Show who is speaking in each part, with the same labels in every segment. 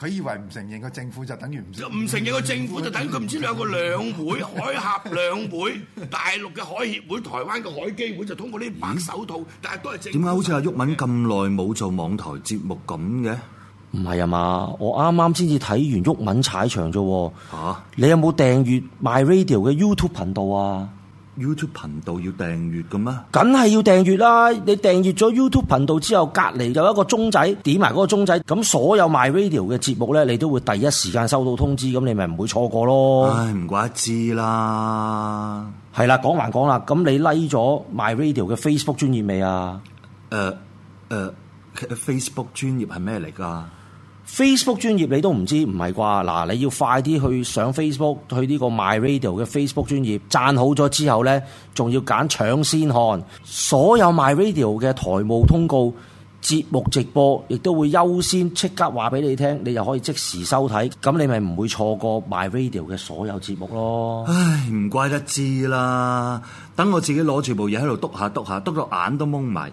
Speaker 1: 佢以為唔承認個政
Speaker 2: 府，就等於唔承認個政府，就等佢唔知有個兩會。 海峽兩會，大陸嘅海協會、台灣嘅海基會，就通過啲白手套，但係都係政府。點解好似阿鬱文咁耐冇做網台節目咁嘅？唔係啊嘛，我啱啱先至睇完鬱文踩場啫。嚇、啊！你有冇訂閱 My Radio 嘅 YouTube 頻道啊？YouTube 頻道要訂閱㗎咩？梗係要訂閱啦！你訂閱咗 YouTube 頻道之後，隔離有一個鐘仔，點埋嗰個鐘仔，咁所有 My Radio 嘅節目呢，你都會第一時間收到通知，咁你咪唔會錯過咯。唉，唔怪得知啦。係啦，講還講啦，咁你 like 咗 My Radio 嘅 Facebook 專頁未啊？誒、uh, 誒、uh，Facebook 專頁係咩嚟㗎？Facebook 專業你都唔知唔係啩？嗱，你要快啲去上 Facebook，去呢個 MyRadio 嘅 Facebook 專業讚好咗之後呢，仲要揀搶先看所有 MyRadio 嘅台務通告、節目直播，亦都會優先即刻話俾你聽，你就可以即時收睇，咁你咪唔會錯過 MyRadio 嘅所有節目咯。唉，唔怪得知啦，等我自己攞住部嘢喺度篤下篤下，篤到眼都蒙埋。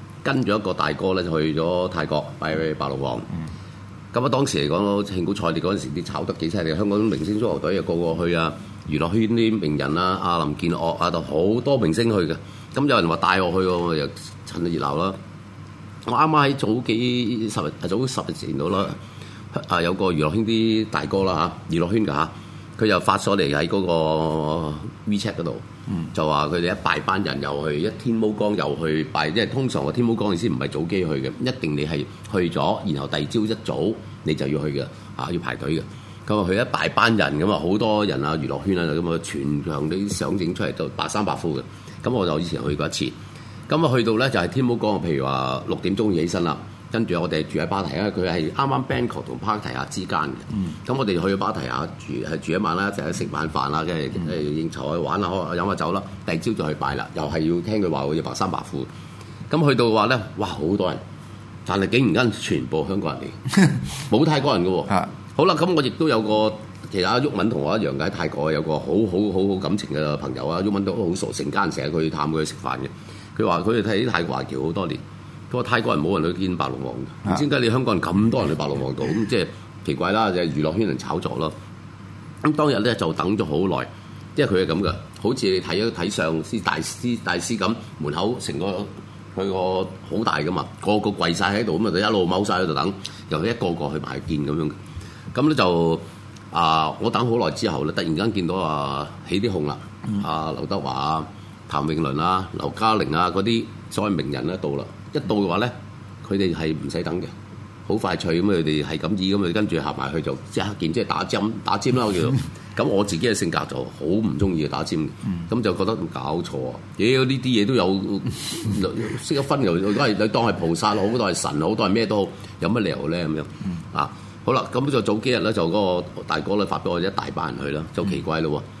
Speaker 3: 跟住一個大哥咧，就去咗泰國拜白龍王。咁、嗯、啊，當時嚟講，興股賽跌嗰陣時，啲炒得幾犀利。香港明星足球隊又個個去啊，娛樂圈啲名人啦，阿林建岳啊，都好多明星去嘅。咁有人話帶我去喎，又趁熱鬧啦。我啱啱喺早幾十日，早十日前到啦。啊，有個娛樂圈啲大哥啦嚇，娛樂圈㗎嚇，佢又發咗嚟喺嗰個 WeChat 嗰度。嗯、就話佢哋一大班人又去一天魔江又去拜，即係通常個天魔江，意思唔係早機去嘅，一定你係去咗，然後第二朝一早你就要去嘅、啊，要排隊嘅。咁啊，佢一大班人，咁啊好多人啊，娛樂圈啊咁啊，全場啲相整出嚟就百三百夫嘅。咁我就以前去過一次，咁啊去到咧就係、是、天魔江，譬如話六點鐘要起身啦。跟我住巴剛剛巴、嗯、我哋住喺芭提啊，佢係啱啱 Bangkok 同芭提雅之間嘅。咁我哋去芭提雅住係住一晚啦，就喺食晚飯啦，跟住誒應酬去玩啦，可飲下酒啦。第二朝就去拜啦，又係要聽佢話我要白衫白褲。咁去到嘅話咧，哇好多人，但係竟然間全部香港人嚟，冇泰國人嘅喎、哦。 好啦，咁我亦都有個其實阿旭文同我一樣，喺泰國有個好好好好感情嘅朋友啊。旭文都好熟，成間成日去探佢去食飯嘅。佢話佢哋喺泰國華僑好多年。個泰國人冇人去見白龍王唔知點解你香港人咁多人去白龍王度咁，即係奇怪啦。就係、是、娛樂圈人炒作咯。咁當日咧就等咗好耐，因為佢係咁嘅，好似你睇一睇上司、大師大師咁，門口成個佢個好大嘅嘛，個個跪晒喺度咁啊，就一路踎晒喺度等，又一個個去埋見咁樣。咁咧就啊，我等好耐之後咧，突然間見到啊起啲紅啦，啊,啊劉德華啊、譚詠麟啊、劉嘉玲啊嗰啲所謂名人咧、啊、到啦。一到嘅話咧，佢哋係唔使等嘅，好快脆咁佢哋係咁子咁啊，跟住合埋去做，一間即係打尖打尖啦，我叫做。咁 我自己嘅性格就好唔中意打尖嘅，咁 就覺得搞錯啊！妖呢啲嘢都有識 得分，又如果係你當係菩薩 好，當係神好，當係咩都好，有乜理由咧咁樣啊？ 好啦，咁就早幾日咧，就嗰個大哥咧發俾我一大班人去啦，就好奇怪咯喎。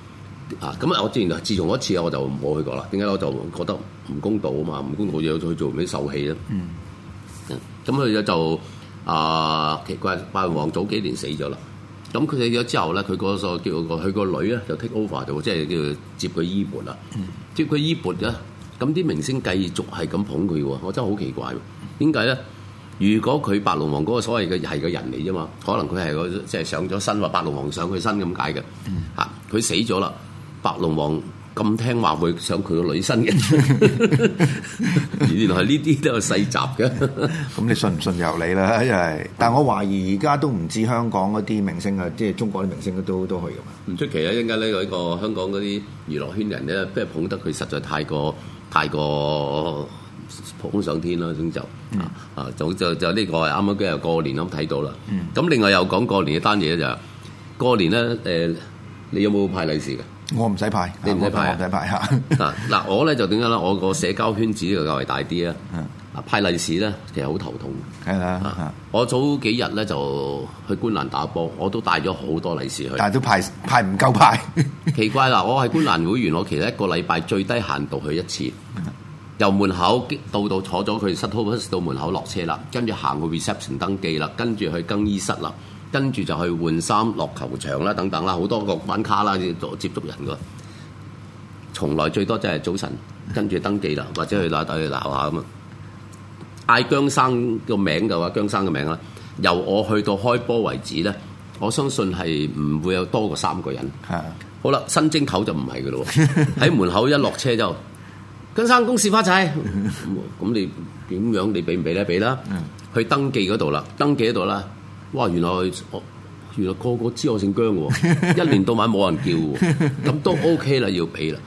Speaker 3: 啊，咁啊！我之前自從嗰次啊，我就冇去過啦。點解我就覺得唔公道啊嘛？唔公道嘢去做咩受氣咧、嗯嗯？嗯，咁佢就啊、呃、奇怪，白龍王早幾年死咗啦。咁佢死咗之後咧，佢個叫佢個女咧就 take over 就即係叫接佢衣缽啦。接佢衣缽嘅，咁啲明星繼續係咁捧佢喎。我真係好奇怪，點解咧？如果佢白龍王嗰個所謂嘅係個人嚟啫嘛，可能佢係個即係上咗身話白龍王上佢身咁解嘅。嗯、啊，佢死咗啦。白龍王咁聽話，會上佢個女身嘅，原來呢啲都有細集嘅。咁你信唔信由你啦，一係。但係
Speaker 1: 我懷疑而家都唔知道香港嗰啲明星啊，即係中國啲明星都都去㗎嘛。唔
Speaker 3: 出奇啊，一陣間呢個香港嗰啲娛樂圈人咧，即係捧得佢實在太過太過捧上天啦，咁就啊、嗯、啊，就就剛剛就呢個啱啱嘅過年咁睇到啦。咁、嗯、另外又講過年嘅單嘢就是、過年咧，誒、呃，你有冇派利是嘅？
Speaker 1: 我唔使派，你唔使派，唔使派吓，
Speaker 3: 嗱我咧就點解咧？我個、啊 啊、社交圈子就較為大啲啦。啊，派利是咧，其實好頭痛。我早幾日咧就去觀瀾打波，我都帶咗好多利是去。但都派派唔夠派。 奇怪啦，我係觀瀾會員，我其實一個禮拜最低限度去一次。啊、由門口到到坐咗佢 shuttle 嗰時，到門口落車啦，跟住行去 reception 登記啦，跟住去更衣室啦。跟住就去換衫、落球場啦，等等啦，好多個玩卡啦，接接觸人噶。從來最多就係早晨跟住登記啦，或者去打底去鬧下咁啊！嗌姜生個名嘅話，姜生嘅名啦，由我去到開波為止咧，我相信係唔會有多過三個人。係。好啦，新正頭就唔係嘅咯喎，喺門口一落車就，姜 生公事花仔咁，你點樣？你俾唔俾咧？俾啦，去登記嗰度啦，登記嗰度啦。哇！原來我原來個個知我姓姜嘅， 一年到晚冇人叫嘅，咁都 OK 啦，要俾啦。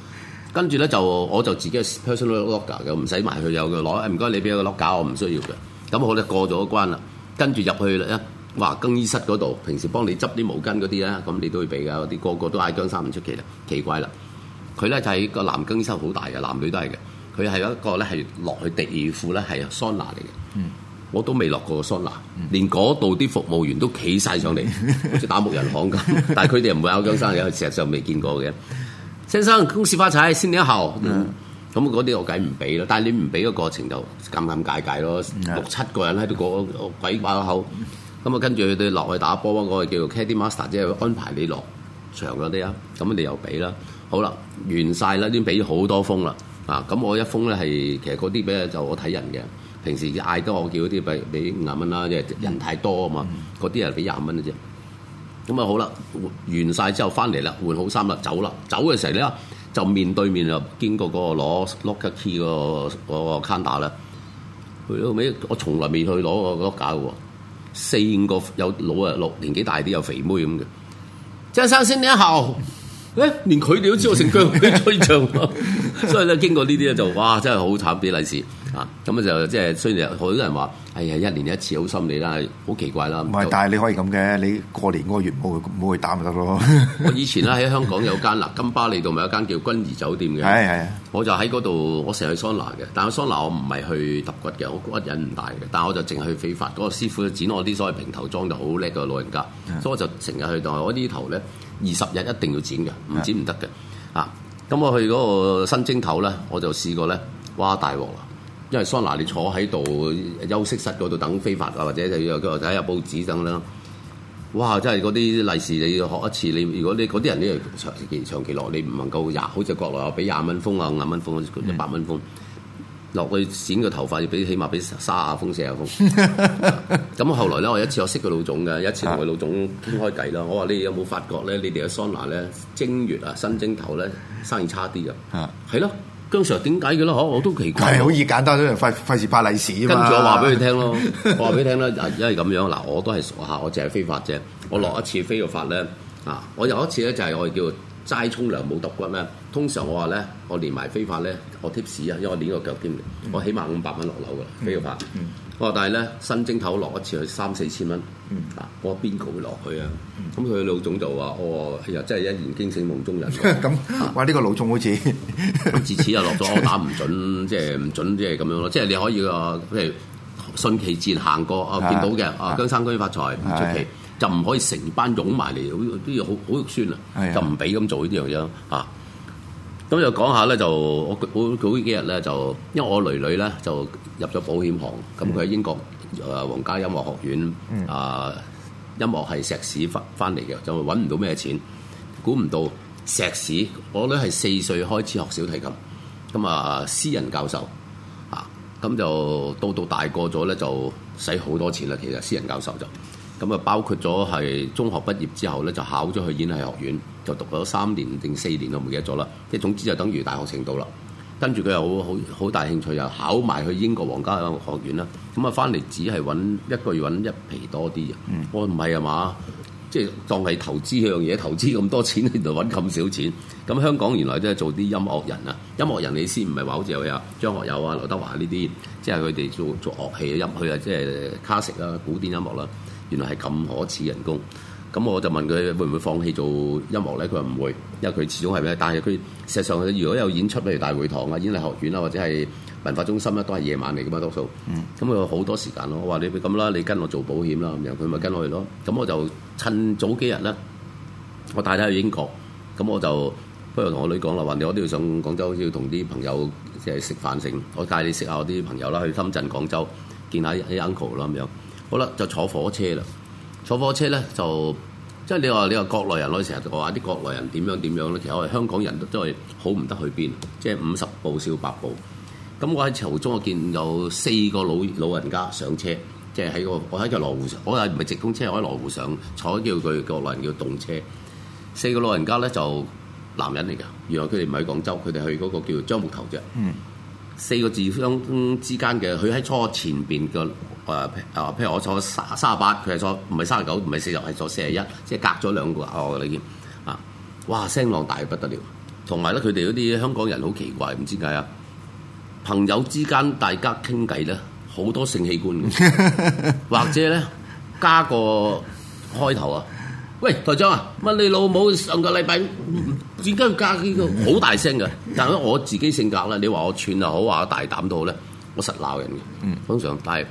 Speaker 3: 跟住咧就我就自己 personal locker 嘅，唔使埋佢有嘅攞。唔該你俾個 locker，我唔需要嘅。咁我哋過咗一關啦。跟住入去咧，哇！更衣室嗰度，平時幫你執啲毛巾嗰啲啊，咁你都會俾噶。啲個個都嗌姜生唔出奇啦，奇怪啦。佢咧就喺、是、個男更衣室好大嘅，男女都係嘅。佢係一個咧係落去地庫咧係桑拿嚟嘅。嗯。我都未落過桑拿，連嗰度啲服務員都企晒上嚟，好似打木人行咁。但係佢哋唔會有張生嘅，石上未見過嘅。 先生公司花錢先一後，咁嗰啲我計唔俾咯。但係你唔俾嘅過程就尷尷尬尬咯。六七個人喺度鬼把口，咁、嗯、啊、yeah. 跟住佢哋落去打波嗰、嗰個叫做 Caddy Master，即係安排你落場嗰啲啊。咁你又俾啦，好啦，完晒啦，已經俾好多封啦。啊，咁我一封咧係其實嗰啲俾就我睇人嘅。平時嗌多我叫嗰啲，譬如俾五廿蚊啦，人太多啊嘛，嗰啲人俾廿蚊啫。咁啊好啦，換完晒之後翻嚟啦，換好衫啦，走啦。走嘅時候咧，就面對面就經過嗰個攞 lock key 個嗰個 counter 啦。去到尾，我從來未去攞個 locker 嘅喎。四個有老啊，年紀大啲有肥妹咁嘅。張生先你一下，誒連佢哋都知道成腳尾吹脹，所以咧經過呢啲咧就，哇，真係好慘俾利是。咁啊就即係雖然好多人話，哎呀一年一次好心你啦，好奇怪啦。唔係，但係
Speaker 1: 你可以咁嘅，你過年嗰月冇去冇去打咪得咯。
Speaker 3: 我以前呢，喺香港有間嗱金巴利度咪有間叫君怡酒店嘅，係係。我就喺嗰度，我成日去桑拿嘅，但係桑拿我唔係去揼骨嘅，我骨癮唔大嘅，但我就淨係去飛髮。嗰、嗰個師傅剪我啲所謂平頭裝就好叻嘅老人家，所以我就成日去到。我啲頭咧二十日一定要剪嘅，唔剪唔得嘅。啊，咁我去嗰個新蒸頭咧，我就試過咧，哇大鑊啊！因為桑拿你坐喺度休息室嗰度等飛髮啊，或者就要有個仔有報紙等啦。哇！真係嗰啲利是，你要學一次。你如果你嗰啲人呢，你長長期落，你唔能夠廿，好似國內啊，俾廿蚊封啊，廿蚊封，一百蚊封落去剪個頭髮要俾，起碼俾卅蚊封、四十蚊封。咁後來咧，我一次我識個老總嘅，一次同佢老總傾開偈啦。我話你有冇發覺咧？你哋嘅桑拿咧，正月啊，新正頭咧，生意差啲啊。啊，係咯。通常點解嘅啦？嗬， 我都奇怪。係好
Speaker 1: 易簡單都費費事派利是。跟住我話俾你聽
Speaker 3: 咯，我話俾你聽啦。啊，因為咁樣嗱，我都係傻下，我淨係非法啫。我落一次飛個法咧，啊，我有一次咧就係我叫齋沖涼冇揼骨咩。通常我話咧，我連埋非法咧，我貼士啊，因為我扭個腳痠我起碼五百蚊落樓嘅飛個法。嗯嗯。不過，但係咧，新蒸頭落一次去三四千蚊，嗱、嗯啊，我邊個會落去啊？咁佢老總就話：哦，又、哎、真係一言驚醒夢中人。咁、啊，哇！呢、這個老總好似、啊嗯嗯，自此又落咗打唔準，即係唔準，即係咁樣咯。即、就、係、是、你可以個即係順其自然行過，啊啊、見到嘅啊，姜生姜發財唔出奇，就唔可以成班擁埋嚟，好都要好好肉酸啊，就唔俾咁做呢啲樣嘢啊！咁就講下咧，我猜我猜天就我我嗰幾日咧，就因為我女女咧就入咗保險行，咁佢喺英國誒皇、呃、家音樂學院啊、呃，音樂係碩士返返嚟嘅，就搵唔到咩錢，估唔到碩士。我女係四歲開始學小提琴，咁啊私人教授啊，咁就到到大個咗咧就使好多錢啦，其實私人教授就。咁啊，包括咗係中學畢業之後咧，就考咗去演藝學院，就讀咗三年定四年都唔記得咗啦。即係總之就等於大學程度啦。跟住佢又好好大興趣，又考埋去英國皇家音樂學院啦。咁啊，翻嚟只係揾一個月揾一皮多啲啊、嗯！我唔係啊嘛，即係當係投資呢樣嘢，投資咁多錢，原來揾咁少錢。咁香港原來都係做啲音樂人啊，音樂人你先唔係話好似有張學友啊、劉德華呢啲，即係佢哋做做樂器入去啊，即係 classical 古典音樂啦。原來係咁可恥人工，咁我就問佢會唔會放棄做音樂咧？佢話唔會，因為佢始終係咩？但係佢事實上，如果有演出，譬如大會堂啊、演藝學院啊，或者係文化中心咧，都係夜晚嚟噶嘛多數。咁佢好多時間咯。我話你咁啦，你跟我做保險啦咁樣，佢咪跟我去咯。咁我就趁早幾日咧，我帶他去英國。咁我就不如同我女講啦，話你我都要上廣州要同啲朋友即係食飯成，我帶你食下我啲朋友啦，去深圳、廣州見下啲 uncle 啦咁樣。好啦，就坐火車啦。坐火車咧就，即係你話你話國內人，我成日話啲國內人點樣點樣咧。其實我哋香港人都都係好唔得去邊，即係五十步笑百步。咁我喺途中我見有四個老老人家上車，即係喺個我喺個羅湖上，我又唔係直通車，喺羅湖上坐叫佢國內人叫動車。四個老人家咧就男人嚟㗎，原來佢哋唔喺廣州，佢哋去嗰個叫樟木頭啫。嗯，四個字相之間嘅，佢喺初前邊個。誒譬如我坐三三八，佢係坐唔係三十九，唔係四十，係坐四十一，即係隔咗兩個哦，你見啊？哇，聲浪大不得了！同埋咧，佢哋嗰啲香港人好奇怪，唔知點解啊？朋友之間大家傾偈咧，好多性器官嘅 或者咧加個開頭啊！喂，台長啊，問你老母上個禮拜，點解要加呢、這個？好大聲嘅，但係我自己性格咧，你話我串又好，話我大膽都好咧，我實鬧人嘅，通、嗯、常，但係。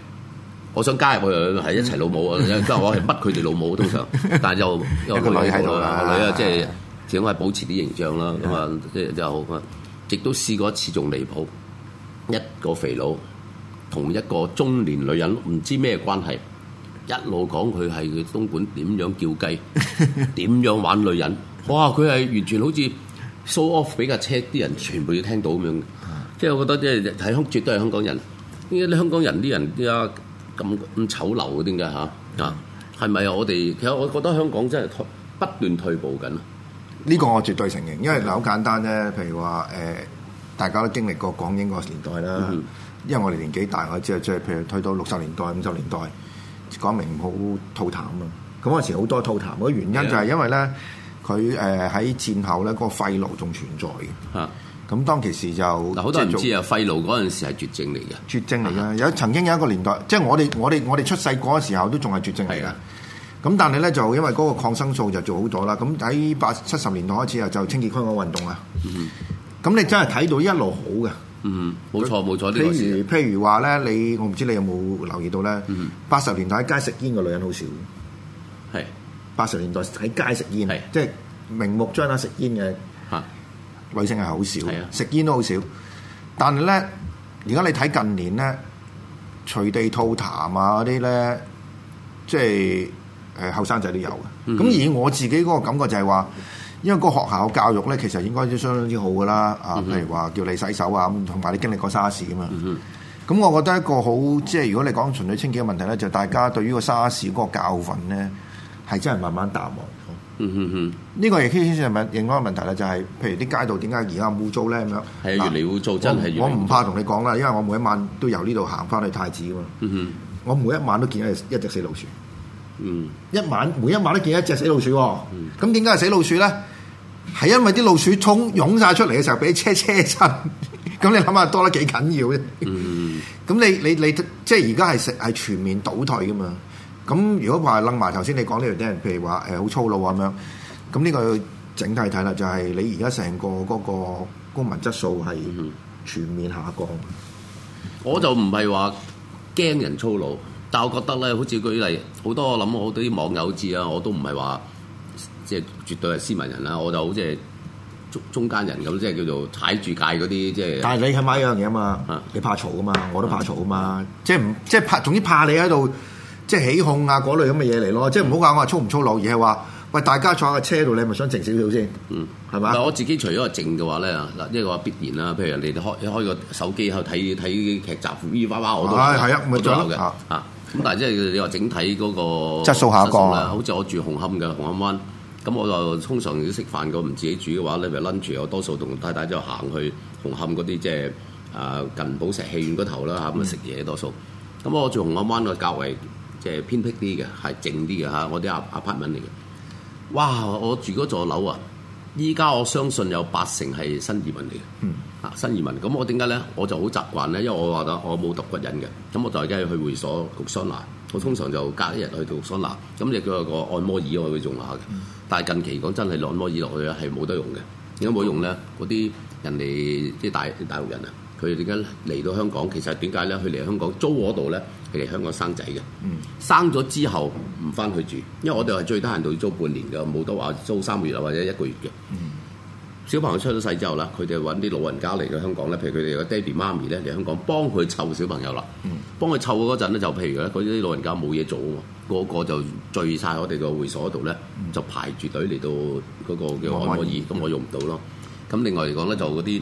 Speaker 3: 我想加入去，係一齊老，老母，即係我係乜佢哋老母通常，但 又個女喺度啊， 女啊即係只可係保持啲形象啦。咁 啊，即係又好啊，亦都試過一次仲離譜，一個肥佬同一個中年女人唔知咩關係，一路講佢係佢東莞點樣叫雞，點 樣玩女人，哇！佢係完全好似 show off 俾架車，啲人全部要聽到咁樣。即 係我覺得即係睇香，絕都係香港人。依家啲香港人啲人而咁咁醜陋嘅點解嚇？啊，係咪啊？我哋其實我覺得香港真係不斷退步緊。呢、這個我絕對承
Speaker 1: 認，因為好簡單啫。譬如話誒、呃，大家都經歷過港英個年代啦、嗯。因為我哋年紀大，我知啊，即係譬如退到六十年代、五十年代，講明唔好吐痰啊。咁嗰時好多吐痰，嗰原因就係因為咧，佢誒喺戰後咧，嗰肺癆仲存在嘅。啊咁當其時就嗱，好多人都知啊，
Speaker 3: 肺癆嗰陣時係絕
Speaker 1: 症嚟嘅。絕症嚟㗎，有曾經有一個年代，即係我哋我哋我哋出世嗰時候都仲係絕症嚟嘅。係啊，咁但係咧就因為嗰個抗生素就做好咗啦。咁喺八七十年代開始啊，就清潔香港運動啦。嗯。咁你真係睇到一路好嘅。
Speaker 3: 嗯。冇錯冇錯，譬如
Speaker 1: 譬如話咧，你我唔知你有冇留意到咧？嗯。八十年代喺街食煙嘅女人好少。係。八十年代喺街食煙係即係明目張膽食煙嘅嚇。女性係好少，啊、食煙都好少。但係咧，而家你睇近年咧，隨地吐痰啊嗰啲咧，即係誒後生仔都有嘅。咁、嗯、而我自己嗰個感覺就係話，因為個學校教育咧，其實應該都相當之好噶啦。啊，譬如話叫你洗手啊，同埋你經歷過沙士咁樣。咁、嗯嗯、我覺得一個好即係，如果你講純粹清潔嘅問題咧，就是、大家對於個沙士 r 嗰個教訓咧，係真係慢慢淡忘。嗯嗯嗯，呢個亦都先係問另一個問題啦，就係、是、譬如啲街道點解而家污糟咧咁樣？係越嚟污糟，真係我唔怕同你講啦，因為我每一晚都由呢度行翻去太子噶嘛。嗯嗯，我每一晚都見到一隻死老鼠。嗯，一晚，每一晚都見一隻死老鼠喎。嗯，咁點解係死老鼠咧？係因為啲老鼠衝湧晒出嚟嘅時候俾車車親，咁 你諗下多得幾緊要啫？嗯，你，咁你你你即係而家係食係全面倒退噶嘛？咁如果話楞埋頭先，剛才你講呢樣啲人，譬如話誒好粗魯咁樣，咁呢個要整體睇啦，就係、是、你而家成個嗰、那個公民質素係全面下降。
Speaker 3: 我就唔係話驚人粗魯，但係我覺得咧，好似舉例多好多，我諗好多啲網友都知啦，我都唔係話即係絕對係斯文人啦，我就好似係中中間人咁，即係叫做踩住界嗰啲即係。但係你係
Speaker 1: 咪一樣嘢嘛、啊？你怕嘈啊嘛？我都怕嘈啊嘛！嗯、即係唔即係怕，總之怕你喺度。即係起哄啊嗰類咁嘅嘢嚟咯，即係唔好話我粗唔粗魯，而係話喂大家坐喺個車度，你係咪想靜少少先？
Speaker 3: 嗯，係嘛？但我自己除咗靜嘅話咧，嗱，即係話必然啦。譬如你哋開開個手機去睇睇劇集，咿咿哇哇我都都有嘅。啊，咁、啊啊、但係即係你話整體嗰、嗰個質素下降啦。好似我住紅磡嘅紅磡灣，咁我就通常食飯嘅唔自己煮嘅話咧，咪 lunch 又多數同太太就行去紅磡嗰啲即係啊近寶石戲院嗰頭啦咁啊、嗯嗯、食嘢多數。咁我住紅磡灣嘅較為即、就、係、是、偏僻啲嘅，係靜啲嘅嚇。我啲阿阿 partment 嚟嘅，哇！我住嗰座樓啊，依家我相信有八成係新移民嚟嘅。嗯，啊新移民，咁我點解咧？我就好習慣咧，因為我話咗我冇揼骨癮嘅，咁我就而家去會所焗桑拿，我通常就隔一日去到桑拿，咁你叫一個按摩椅我去用下嘅、嗯。但係近期講真係按摩椅落去係冇得用嘅，點解冇用咧？嗰啲人哋，即係大大陸人啊！佢哋點解嚟到香港？其實點解咧？佢嚟香港租嗰度咧，係嚟香港生仔嘅、嗯。生咗之後唔翻去住，因為我哋係最低限度要租半年嘅，冇得話租三個月啊，或者一個月嘅、嗯。小朋友出咗世之後啦，佢哋揾啲老人家嚟到香港咧，譬如佢哋個爹哋媽咪咧，嚟香港幫佢湊小朋友啦、嗯。幫佢湊嗰陣咧，就譬如嗰啲老人家冇嘢做啊嘛，個個就聚晒我哋個會所度咧，就排住隊嚟到嗰個叫按摩椅。咁我用唔到咯。咁、嗯、另外嚟講咧，就嗰啲。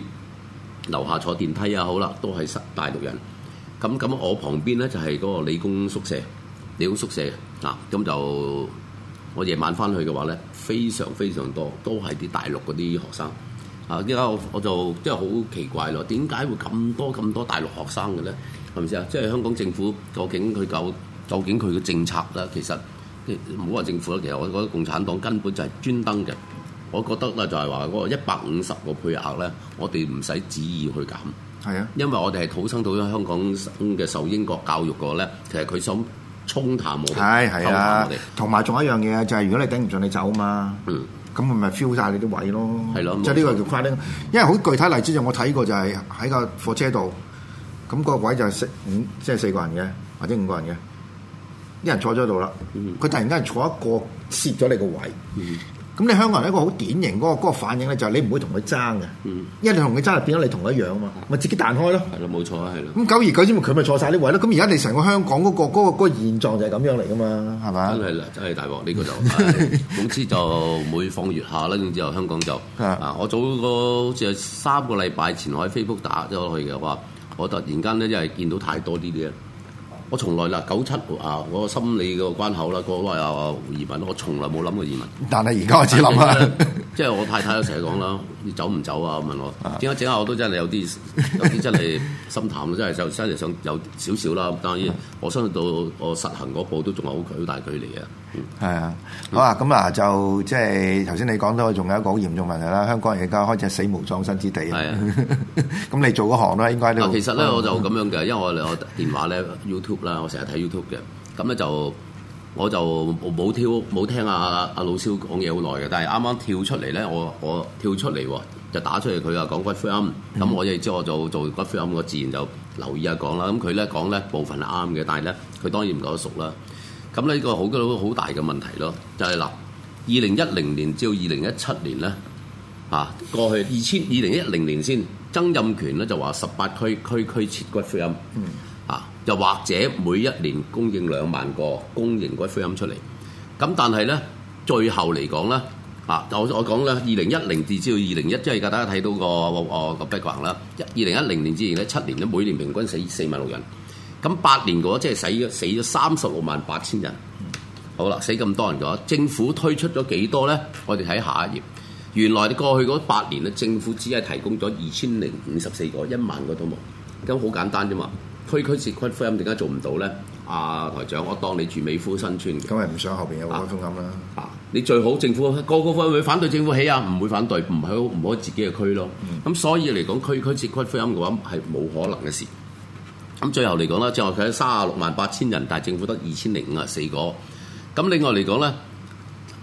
Speaker 3: 樓下坐電梯啊，好啦，都係實大陸人。咁咁我旁邊咧就係、是、嗰個理工宿舍，理工宿舍啊，咁就我夜晚翻去嘅話咧，非常非常多，都係啲大陸嗰啲學生。啊，而家我，我就即係好奇怪咯。點解會咁多咁多大陸學生嘅咧？係咪先啊？即、就、係、是、香港政府究竟佢究究竟佢嘅政策咧？其實唔好話政府啦，其實我覺得共產黨根本就係專登嘅。我覺得咧就係話嗰個一百五十個配額咧，我哋唔使旨意去減。係啊，因為我哋係土生土長香港嘅，受英國教育個咧，其實佢想沖淡我哋。係係啊，
Speaker 1: 同埋仲有一樣嘢就係、是、如果你頂唔順，你走嘛。咁佢咪 feel 曬你啲位咯。係咯、啊就是就是那個，即係呢個叫 carding 因為好具體例子就我睇過，就係喺個火車度，咁個位就係四五即係四個人嘅，或者五個人嘅，啲人坐咗度啦。佢突然間坐一個蝕咗你個位。嗯咁你香港人一個好典型嗰、嗰個嗰個反應咧，就係你唔會同佢爭嘅，因為你同佢爭，變咗你同佢一樣啊嘛，咪、嗯、自己彈開咯。
Speaker 3: 係咯，冇錯啊，係咯。咁
Speaker 1: 久而久之，咪佢咪坐晒啲位咯。咁而家你成個香港嗰、嗰個嗰、嗰個嗰、嗰個現狀就係咁樣嚟噶嘛，係嘛？真
Speaker 3: 係啦，真係大鑊呢個就、 啊，總之就每況愈下啦。咁之後香港就啊，我早個好似係三個禮拜前喺 Facebook 打咗去嘅話，我突然間咧因為見到太多啲啲。我從來啦九七啊，我、嗰個、心理個關口啦，個話有移民，我從來冇諗過移民。
Speaker 1: 但係而家開始諗啦，
Speaker 3: 即係我太太都成日講啦。你走唔走啊？問我，點、啊、解？整下我都真係有啲有啲真係心淡， 真係就真係想有少少啦。當然，我相信到我實行嗰步都仲係好長好大距離啊。
Speaker 1: 係、嗯、啊，好啊，咁啊就即係頭先你講到，仲有一個好嚴重問題啦。香港而家開始死無葬身之地。係啊，咁 你做嗰行啦，應該
Speaker 3: 都、啊、其實咧、嗯、我就咁樣嘅，因為我我電話咧 YouTube 啦，我成日睇 YouTube 嘅，咁咧就。我就冇跳冇聽阿、啊、阿、啊啊、老肖講嘢好耐嘅，但係啱啱跳出嚟咧，我我跳出嚟喎、哦，就打出嚟佢又講骨灰庵，咁我哋知我做做骨灰庵，我自然就留意一下、嗯、講啦。咁佢咧講咧部分係啱嘅，但係咧佢當然唔夠熟啦。咁呢個好多好大嘅問題咯，就係、是、嗱，二零一零年至到二零一七年咧，啊過去二千二零一零年先，曾蔭權咧就話十八區區區設骨灰庵。嗯又或者每一年供應兩萬個供應嗰啲灰龕出嚟，咁但係呢，最後嚟講咧啊，我我講啦，二零一零至至到二零一即係大家睇到個、哦、個個 background 啦，二零一零年之前呢，七年呢，每年平均死四萬六人，咁八年嗰即係死咗死咗三十六萬八千人。嗯、好啦，死咁多人嘅話，政府推出咗幾多呢？我哋睇下一頁，原來你過去嗰八年呢，政府只係提供咗二千零五十四個一萬個都冇。咁好簡單啫嘛。區區截骨灰龕點解做唔到咧？阿、啊、台長，我當你住美孚新村嘅。今日唔想後邊有嗰種音啦。啊，你最好政府個個會反對政府起啊，唔會反對唔好唔可，以可以自己嘅區咯。咁、嗯、所以嚟講，區區截骨灰龕嘅話係冇可能嘅事。咁最後嚟講啦，就係三啊六萬八千人，但係政府得二千零五啊四個。咁另外嚟講咧，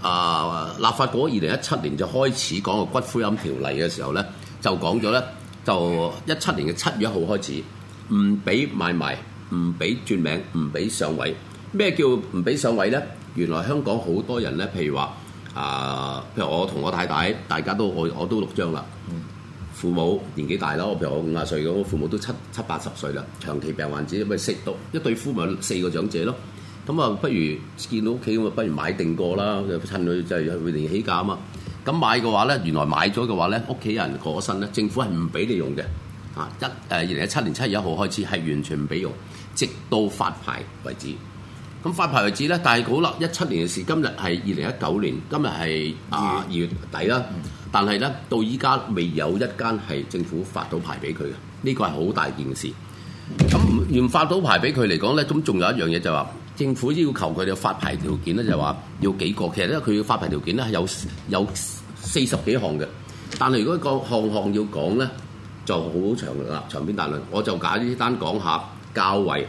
Speaker 3: 啊立法局二零一七年就開始講個骨灰龕條例嘅時候咧，就講咗咧，就一七年嘅七月一號開始。唔俾買賣，唔俾轉名，唔俾上位。咩叫唔俾上位咧？原來香港好多人咧，譬如話啊、呃，譬如我同我太太，大家都我我都六張啦、嗯。父母年紀大啦，我譬如我五廿歲的，咁我父母都七七八十歲啦，長期病患者，咪四多一對夫咪四個長者咯。咁啊，不如見到屋企咁啊，不如買定過啦。趁佢就係每年起價啊嘛。咁買嘅話咧，原來買咗嘅話咧，屋企人過咗身咧，政府係唔俾你用嘅。一誒二零一七年七月一號開始係完全唔俾用，直到發牌為止。咁發牌為止咧，但係好啦，一七年嘅事，今日係二零一九年，今日係啊二月底啦、嗯。但係咧，到依家未有一間係政府發到牌俾佢嘅，呢個係好大件事。咁原發到牌俾佢嚟講咧，咁仲有一樣嘢就係話，政府要求佢哋發牌條件咧，就話要幾個？其實咧，佢要發牌條件咧係有有四十幾項嘅。但係如果個項項要講咧。就好長啦，長篇大論。我就假啲單講下較為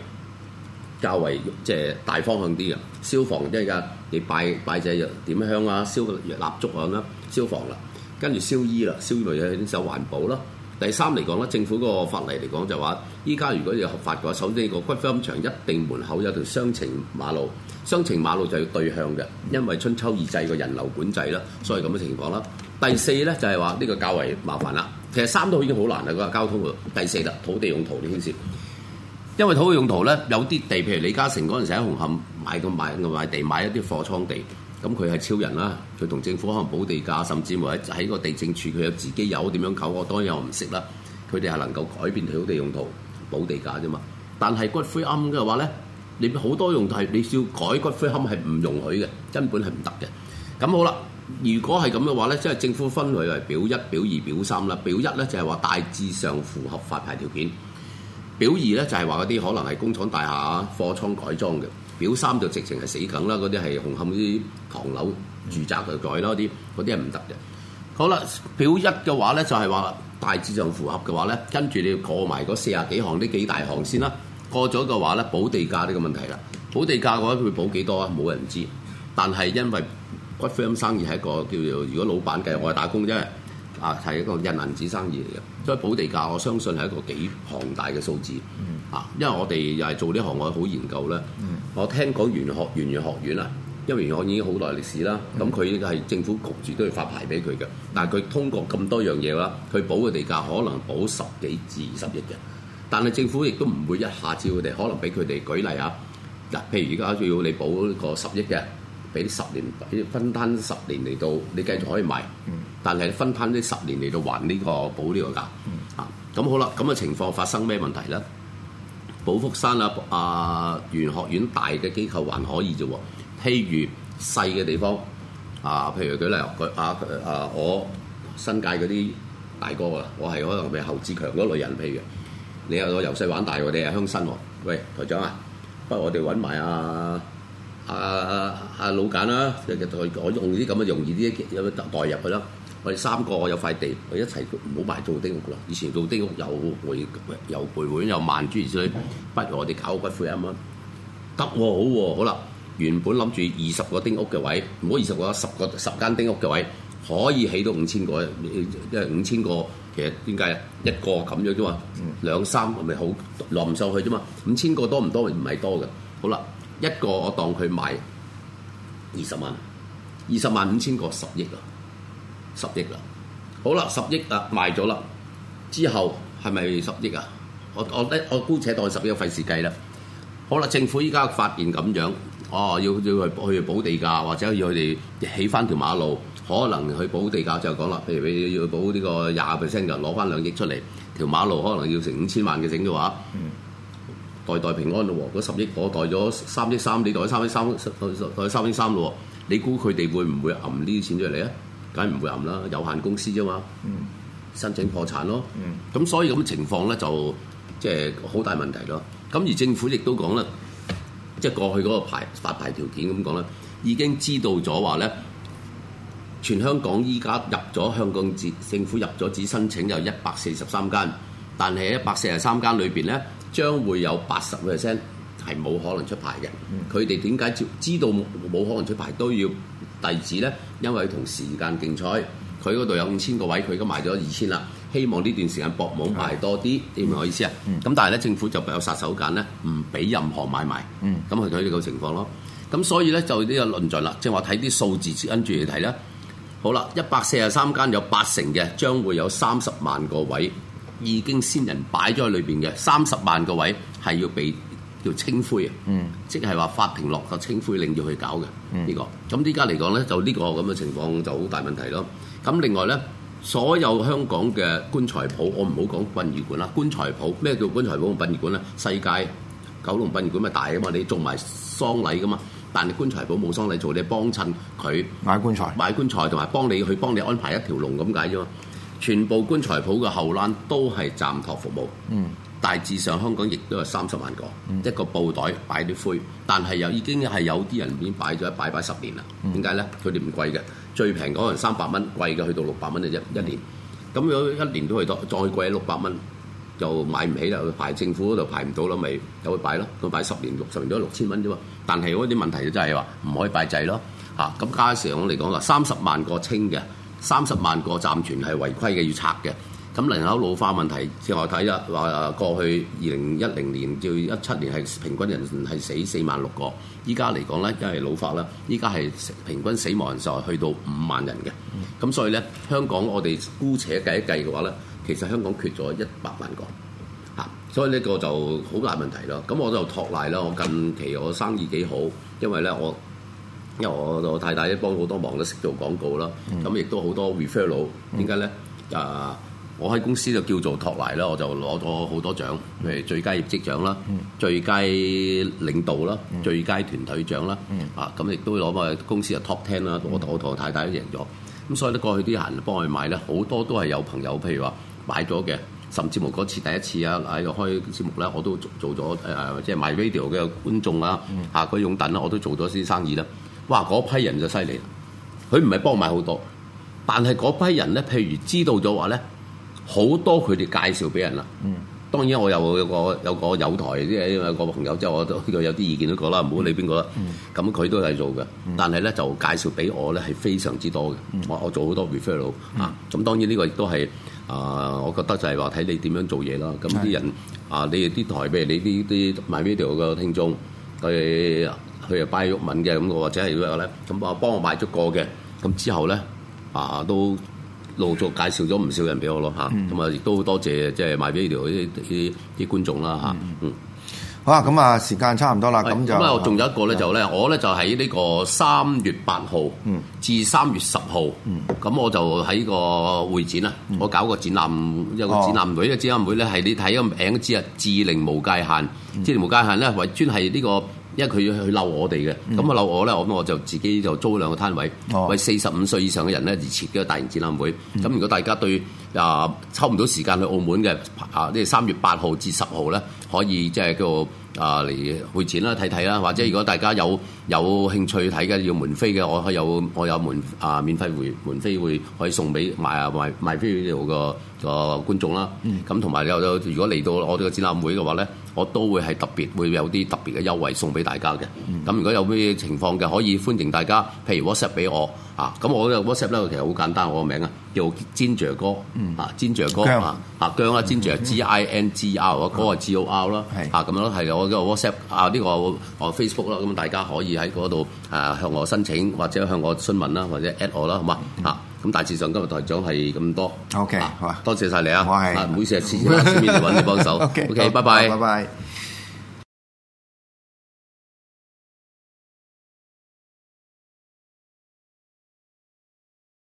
Speaker 3: 較為即係大方向啲嘅消防，即係而家你拜拜祭又點香啊，燒嘅蠟燭咁啦，消防啦，跟住燒衣啦，燒類嘅啲手環保啦。第三嚟講啦，政府嗰個法例嚟講就話、是，依家如果有合法嘅話，首先個骨灰龕場一定門口有條雙程馬路，雙程馬路就要對向嘅，因為春秋二制嘅人流管制啦，所以咁嘅情況啦。第四咧就係話呢個較為麻煩啦。其實三套已經好難啦，嗰個交通第四啦，土地用途你先涉，因為土地用途咧，有啲地，譬如李嘉誠嗰陣時喺紅磡買個買個賣地，買一啲貨倉地，咁佢係超人啦，佢同政府可能補地價，甚至乎喺喺個地政處佢有自己有點樣搞，我當然我唔識啦，佢哋係能夠改變佢土地用途，補地價啫嘛。但係骨灰庵嘅話咧，你好多用途係你要改骨灰庵係唔容許嘅，根本係唔得嘅。咁好啦。如果係咁嘅話呢，即係政府分類為表一、表二、表三啦。表一呢就係話大致上符合發牌條件，表二呢就係話嗰啲可能係工廠大廈啊、貨倉改裝嘅，表三就直情係死梗啦，嗰啲係紅磡啲唐樓住宅去改啦，啲嗰啲係唔得嘅。好啦，表一嘅話呢就係話大致上符合嘅話呢，跟住你要過埋嗰四十幾項呢幾大項先啦。過咗嘅話呢，補地價呢個問題啦，補地價嘅話佢會補幾多啊？冇人知，但係因為骨房生意係一個叫做，如果老闆計，我係打工啫，啊係一個印銀紙生意嚟嘅。所以補地價，我相信係一個幾龐大嘅數字，啊、mm -hmm. mm -hmm.，因為我哋又係做呢行，我好研究咧。我聽講圓玄圓玄學院啊，因為我已經好耐歷史啦，咁佢係政府焗住都要發牌俾佢嘅，但係佢通過咁多樣嘢啦，佢補嘅地價可能補十幾至二十億嘅，但係政府亦都唔會一下子，佢哋，可能俾佢哋舉例啊，嗱，譬如而家要你補個十億嘅。俾十年，俾分攤十年嚟到，你繼續可以賣、嗯。但係分攤呢十年嚟到還呢、這個保呢個價、嗯、啊。咁好啦，咁嘅情況發生咩問題咧？寶福山啦、啊，啊原學院大嘅機構還可以啫喎。譬、啊、如細嘅地方啊，譬如舉例啊啊，啊，啊，我新界嗰啲大哥啊，我係可能咪侯志強嗰類人。譬如你有個由細玩大我哋係鄉紳喎。喂台長啊，不如我哋揾埋啊。啊啊啊！老簡啦，日日同我用啲咁嘅容易啲嘅，有冇代入去啦。我哋三個有塊地，我一齊唔好買做丁屋啦。以前做丁屋有有又回又回本又萬珠之類，不如我哋搞個骨灰龕。得、啊、好、啊、好啦、啊。原本諗住二十個丁屋嘅位，唔好二十個，十個十間丁屋嘅位可以起到五千個。因為五千個其實點解啊？一個咁樣啫嘛，兩三個咪好落唔上去啫嘛。五千個多唔多？唔係多㗎。好啦、啊。一個我當佢賣二十萬，二十萬五千個十億啊，十億啦，好啦，十億啊賣咗啦，之後係咪十億啊？我我咧我姑且當十億費事計啦。好啦，政府依家發現咁樣，哦要要佢去，去補地價或者要佢哋起翻條馬路，可能去補地價就係講啦。譬如你要補呢個廿 percent 嘅，攞翻兩億出嚟，條馬路可能要成五千萬嘅整嘅話。嗯代代平安咯喎！嗰十億我代咗三億三，你代咗三億三，代咗三億三咯喎！你估佢哋會唔會揞呢啲錢出嚟啊？梗係唔會揞啦，有限公司啫嘛。申請破產咯。咁、嗯、所以咁情況咧，就即係好大問題咯。咁而政府亦都講咧，即係過去嗰個排發牌條件咁講咧，已經知道咗話咧，全香港依家入咗香港紙，政府入咗紙申請有一百四十三間，但係一百四十三間裏邊咧。將會有八十個 percent 係冇可能出牌嘅，佢哋點解知知道冇可能出牌都要遞紙呢？因為同時間競賽，佢嗰度有五千個位，佢已經賣咗二千啦，希望呢段時間博望賣多啲，啱唔啱我意思啊？咁、嗯、但係咧，政府就有殺手鐧呢，唔俾任何買賣，咁佢睇呢個情況咯。咁所以呢，就這個論看些數看呢個論據啦，即係話睇啲數字跟住嚟睇啦。好啦，一百四十三間有八成嘅將會有三十萬個位。已經先人擺咗喺裏邊嘅三十萬個位係要被叫清灰啊、嗯，即係話法庭落個清灰令要去搞嘅呢、嗯，呢個。咁依家嚟講咧，就呢個咁嘅情況就好大問題咯。咁另外咧，所有香港嘅棺材鋪，我唔好講殯儀館啦，棺材鋪，咩叫棺材鋪同殯儀館咧？世界九龍殯儀館咪大啊嘛，你做埋喪禮噶嘛，但係你棺材鋪冇喪禮做，你係幫襯佢買棺材、買棺材同埋幫你去幫你安排一條龍咁解啫嘛。全部棺材鋪嘅後欄都係暫託服務，嗯，大致上香港亦都有三十萬個、嗯，一個布袋擺啲灰，但係又已經係有啲人已經擺咗，一擺擺十年啦。點解咧？佢哋唔貴嘅，最平嗰可能三百蚊，貴嘅去到六百蚊嘅啫一年。咁、嗯、如一年都去到，再貴六百蚊，就買唔起啦，排政府嗰度排唔到啦，咪又去擺咯。佢擺十年六十年都六千蚊啫嘛。但係嗰啲問題就真係話唔可以擺滯咯。嚇、啊、咁加上我嚟講啊，三十萬個清嘅。三十萬個暫存係違規嘅，要拆嘅。咁人口老化問題先我睇啦，話過去二零一零年至一七年係平均人係死四萬六個，依家嚟講呢，因為老化啦，依家係平均死亡人數係去到五萬人嘅。咁所以呢，香港我哋姑且計一計嘅話呢，其實香港缺咗一百萬個，所以呢個就好大問題咯。咁我就托賴啦，我近期我生意幾好，因為呢我。因為我太太咧幫好多忙，都識做廣告啦。咁亦都好多 referral 點、嗯、解咧？啊，我喺公司就叫做托賴啦，我就攞咗好多獎，譬、嗯、如最佳業績獎啦、嗯、最佳領導啦、嗯、最佳團隊獎啦、嗯。啊，咁亦都攞返公司嘅 top ten 啦。我同我同我太太都贏咗。咁所以咧，過去啲人幫佢買咧，好多都係有朋友，譬如話買咗嘅，甚至乎嗰次第一次啊喺度開節目咧，我都做做咗誒，即係買 video 嘅觀眾、嗯、啊，嚇嗰種等我都做咗啲生意啦。哇！嗰批人就犀利啦，佢唔係幫我買好多，但係嗰批人咧，譬如知道咗話咧，好多佢哋介紹俾人啦。嗯，當然我又有個有個友台，即係有個朋友，即係我都又有啲意見都講啦，唔好理邊個啦。嗯，咁佢都係做嘅、嗯，但係咧就介紹俾我咧係非常之多嘅、嗯。我我做好多 referral、嗯、啊，咁當然呢個亦都係啊，我覺得就係話睇你點樣做嘢啦。咁啲人的啊，你啲台譬如你啲啲 MyVideo 嘅聽眾，佢佢又拜玉文嘅咁，或者係果樣咧？咁我幫我買足個嘅，咁之後咧啊都陸續介紹咗唔少人俾我咯嚇，咁、嗯、啊亦都好多謝即係賣俾呢條啲啲觀眾啦、啊、嗯，
Speaker 1: 好啊，咁啊時間差唔多啦，咁、嗯、就咁、哎、我仲有一個咧、嗯、就咧，
Speaker 3: 我咧就喺呢個三月八號、嗯、至三月十號，咁、嗯、我就喺個會展啊，我搞個展覽，嗯、有個展覽會，嘅展覽會咧係、哦、你睇個名知啊，智靈無界限，智、嗯、靈無界限咧，為專係呢、這個。因為佢要去鬧我哋嘅，咁啊鬧我咧，我咁我就自己就租咗兩個攤位，哦、為四十五歲以上嘅人咧而設嘅大型展覽會。咁、嗯、如果大家對啊抽唔到時間去澳門嘅啊，即係三月八號至十號咧，可以即係叫啊嚟會展啦、睇睇啦，或者如果大家有有興趣睇嘅要門飛嘅，我有我有門啊免費會門門飛會可以送俾賣啊賣賣飛呢個個觀眾啦。咁同埋有有如果嚟到我哋嘅展覽會嘅話咧。我都會係特別會有啲特別嘅優惠送俾大家嘅。咁、嗯、如果有咩情況嘅，可以歡迎大家，譬如 WhatsApp 俾我啊。咁我嘅 WhatsApp 咧，其實好簡單，我個名啊叫 Ginger 哥啊 Ginger 哥啊，Ginger 哥嗯、啊姜啊 g i n g e r g i n g r 啊，g o r 啦、啊，啊咁樣係我嘅 WhatsApp 啊，呢、這個我的 Facebook 啦、啊，咁大家可以喺嗰度向我申請或者向我詢問啦，或者 at 我啦，好嘛？咁大致上今日台長係咁多，OK，啊好啊，多謝晒你啊，我係、啊、唔好意思啊，下次次 先至揾你幫手，OK，OK 拜拜，拜拜。